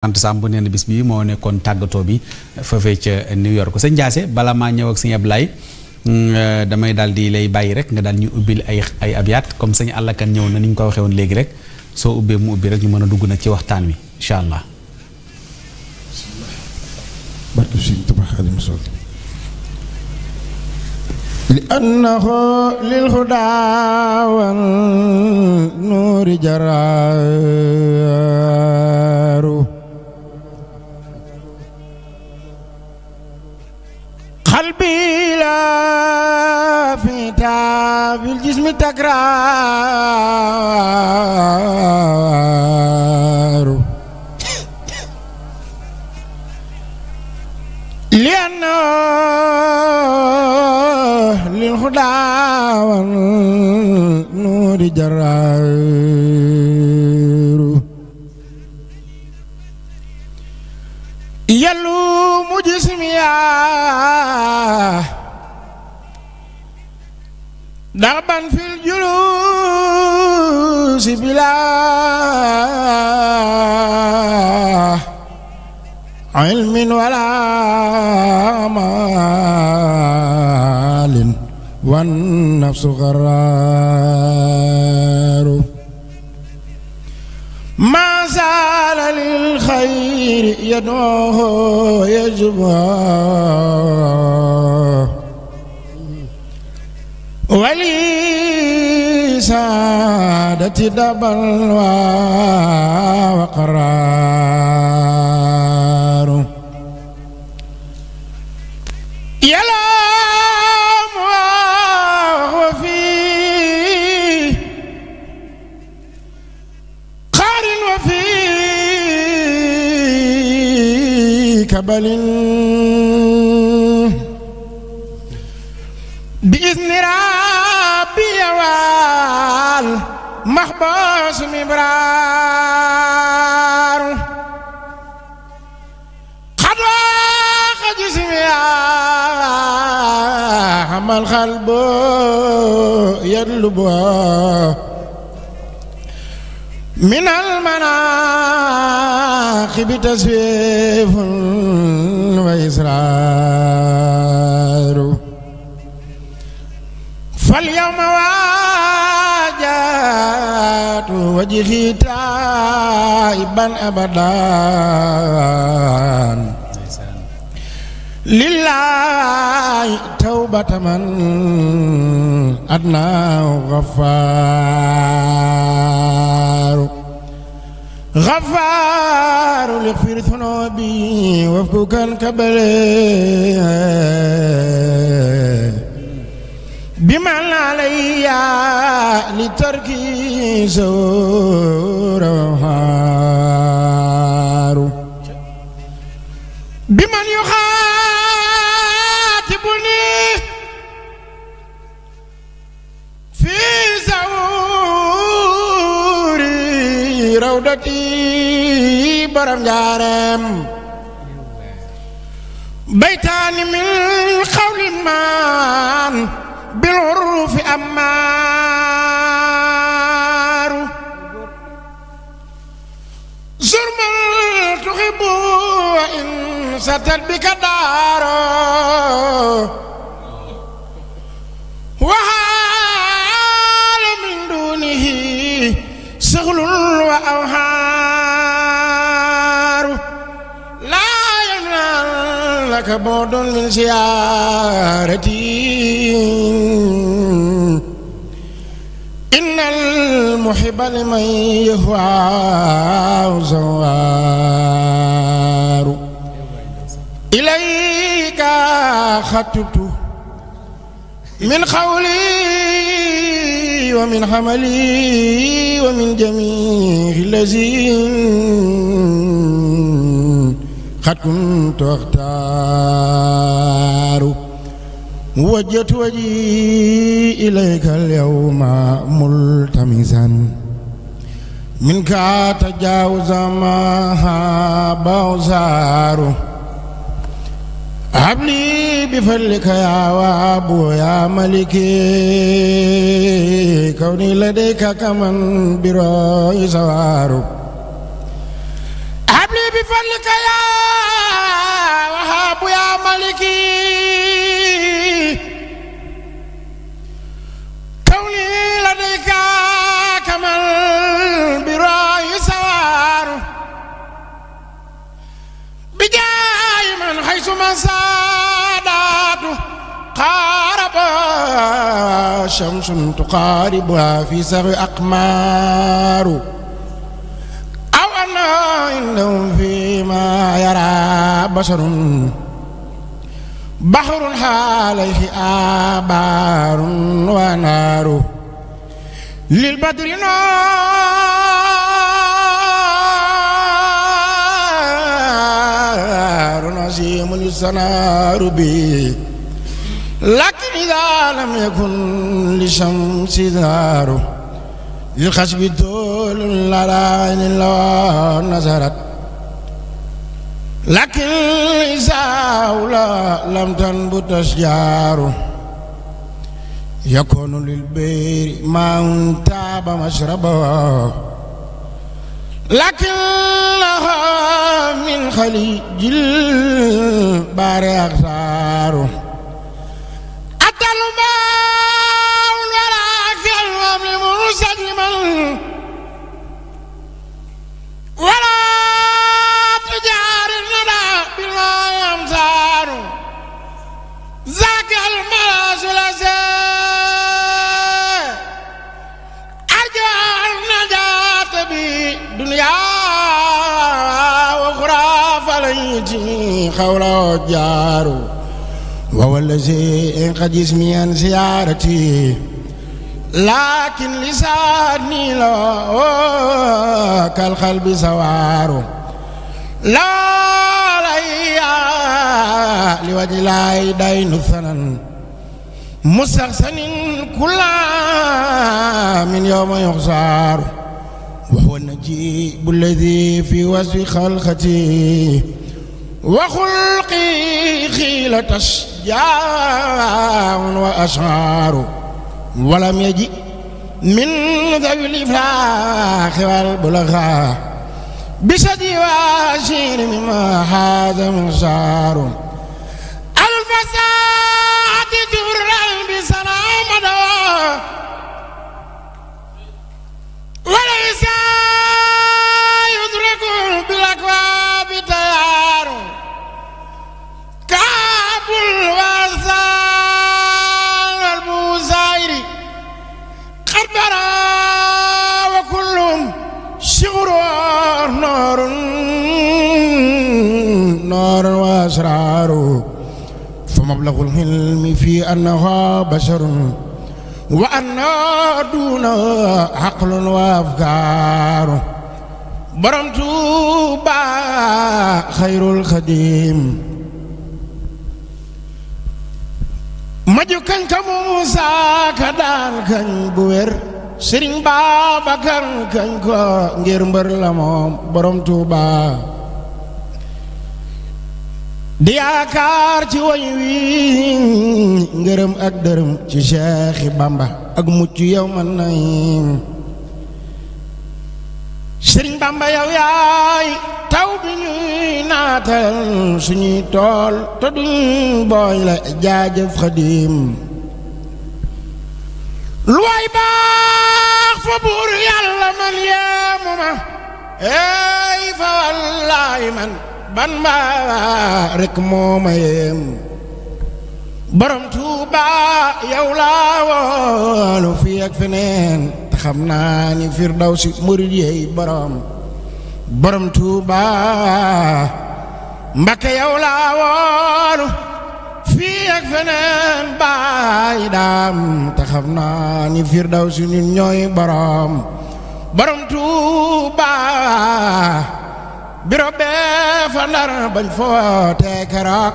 sant Samb nee na bis bii moo nekkoon tàggatoo bi foofee ca New York sëñ bala maa ñëw ak sëñ mm, euh, damay daal di lay bàyyi rek nga ñu ubbil ay ay abyaat comme sëñ na ni ko waxee rek soo ubbee mu ubbi ñu mën a dugg nag ci waxtaan wi incha allah. الدنيا بالجسم تكرار دربا في الجلوس بلا علم ولا مال والنفس غرار ما زال للخير يدعوه يجبر ولي سادة دبل وقرار يلام وفي قار وفي كبل محبوس مبرار قد جسمي اما القلب يطلبها من المناخ تزويف وجهي تائبا أبدا لله توبة من أدنى غفار غفار لغفر ثنوبي وفكك كبلي بمن علي لتركي زرهار بمن يخاطبني في زور روضتي برم جارم بيتان من قول مان بالعروف أمان ستت بك وحال من دونه سغل وأوهار لا يمنع لك بعد من زيارتي إن المحب لمن يهوى زوار خطبت من قولي ومن حملي ومن جميع الذين قد كنت اختار وجهت وجهي اليك اليوم ملتمسا منك تجاوز ما بوزاره habli bi fadlika yaa waabu yaa maliki kawni ladayka kaman birooy sawaaru habli bi fadlika yaa waabu yaa maliki شمس تقاربها في سبع أقمار أو أنا فيما يرى بشر بحر عليه آبار ونار للبدر نار نسيم للسنار به لكن إذا لم يكن لشمس دار للخشب دول لا إن الله نزرت لكن إذا لم تنبت أشجار يكون للبير ما تاب مشربه لكن لها من خليج البار أغساره قولا جارو وهو الذي انقى جسمي عن زيارتي لكن لساني ميلا كالخلب سوار لا ليا لوجه لا يدين ثنن مسخسن كلا من يوم يخسر وهو النجيب الذي في وصف خلقتي وخلقي خيلة شجاع وأشعار ولم يجئ من ذوي الإفلاح والبلغاء بشدي وأشير مما هذا مزار الفساد جرى مبلغ الحلم في أنها بشر وأن دون عقل وأفكار برم توبا خير الخديم maju kañ ka Muusa ka daan kañ bu wér Sëriñ Babacar kañ ko ngir mbër la moom borom di yaakaar ci woñ wi ngërëm ak dërëm ci Cheikh Bamba ak mucc yow man nay Sëriñ Bamba taw bi ñuy naatal suñuy tool te duñ booñ la jaajëf Xadim lu waay baax fa buur yàlla man yee ma eey fa wallaahi man ban mbaa rek moo mayem tuuba yow laa woolu fii ak feneen te xam naa ni firdawsi murid yey borom borom tuuba mbake yow laa woolu fii ak feneen bàyyi daam te xam naa ni firdawsi ñun ñooy borom borom tuuba biro bee fa ndar bañ footee keroog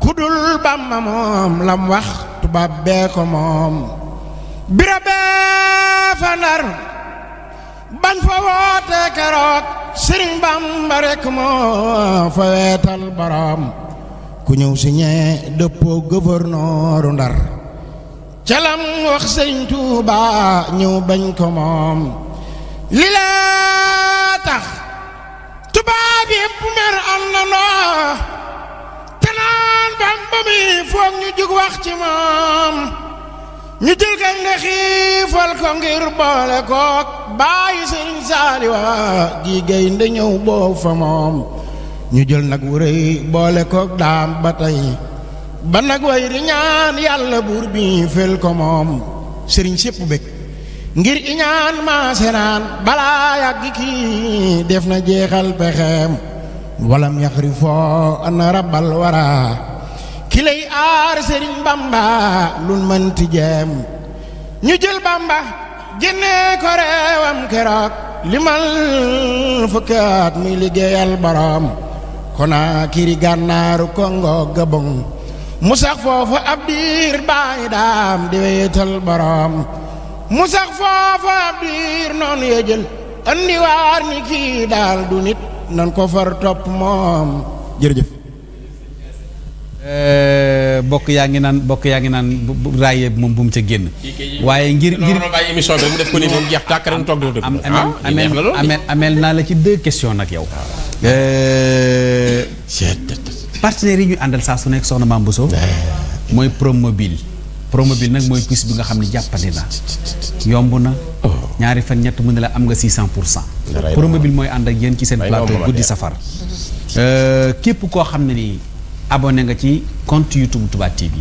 kudul bàmba moom lam wax tubaab bee ko moom biro bee fa ndar bañ fa wootee keroog sëriñ bàmba rekk moo fa weetal boroom ku ñëw si ñee dëppoo gouvernooru ndar calam wax sëriñ ñëw bañ ko moom li bépp mer ñu jël kañ la ko ngir boole kook bàyyi Sëriñ Saaliwa ji gaynde ñëw boo fa moom ñu jël nag wu boole kook daam ba tey ba nag way ñaan yàlla buur bi fel ko moom sëriñ sépp bëgg ngir iñaan maaseraan balaa yàgg kii def na jeexal pexeem walam yaxrifoo ana rabbal waraa ki lay bamba lun mënti jeem ñu jël bamba génnee ko reewam keroog limal fukkaat muy liggéeyal boroom konaa kiri gànnaaru kongo gabon mu sax foofu ab diir bàyyi daam di wéyetal mu sax foofa ab diir noonu ya jël andi war ni ki dal du nit nan ko far topp moom jërëjëf eh, bokk yaa ngi naan bokk yaangi nan raye mom raaye moom bu mu ca génn. waaye ngir ngir non baye émission bi mu def ko ni mom jeex tàkk rek tok do ah, amel amel na la ci deux questions nak yow. Ah. Eh, partenaire yi ñu andal sa su nek soxna mambuso moy Promobile. promobile nag mooy puce bi nga xam ne jàppandi na yomb na. Oh. ñaari fan ñett mu na la am nga 600 pour cent. promobile mooy ànd ak yéen ci seen plateau guddi safar. Euh, képp koo xam ne nii abonné nga ci compte YouTube Touba TV.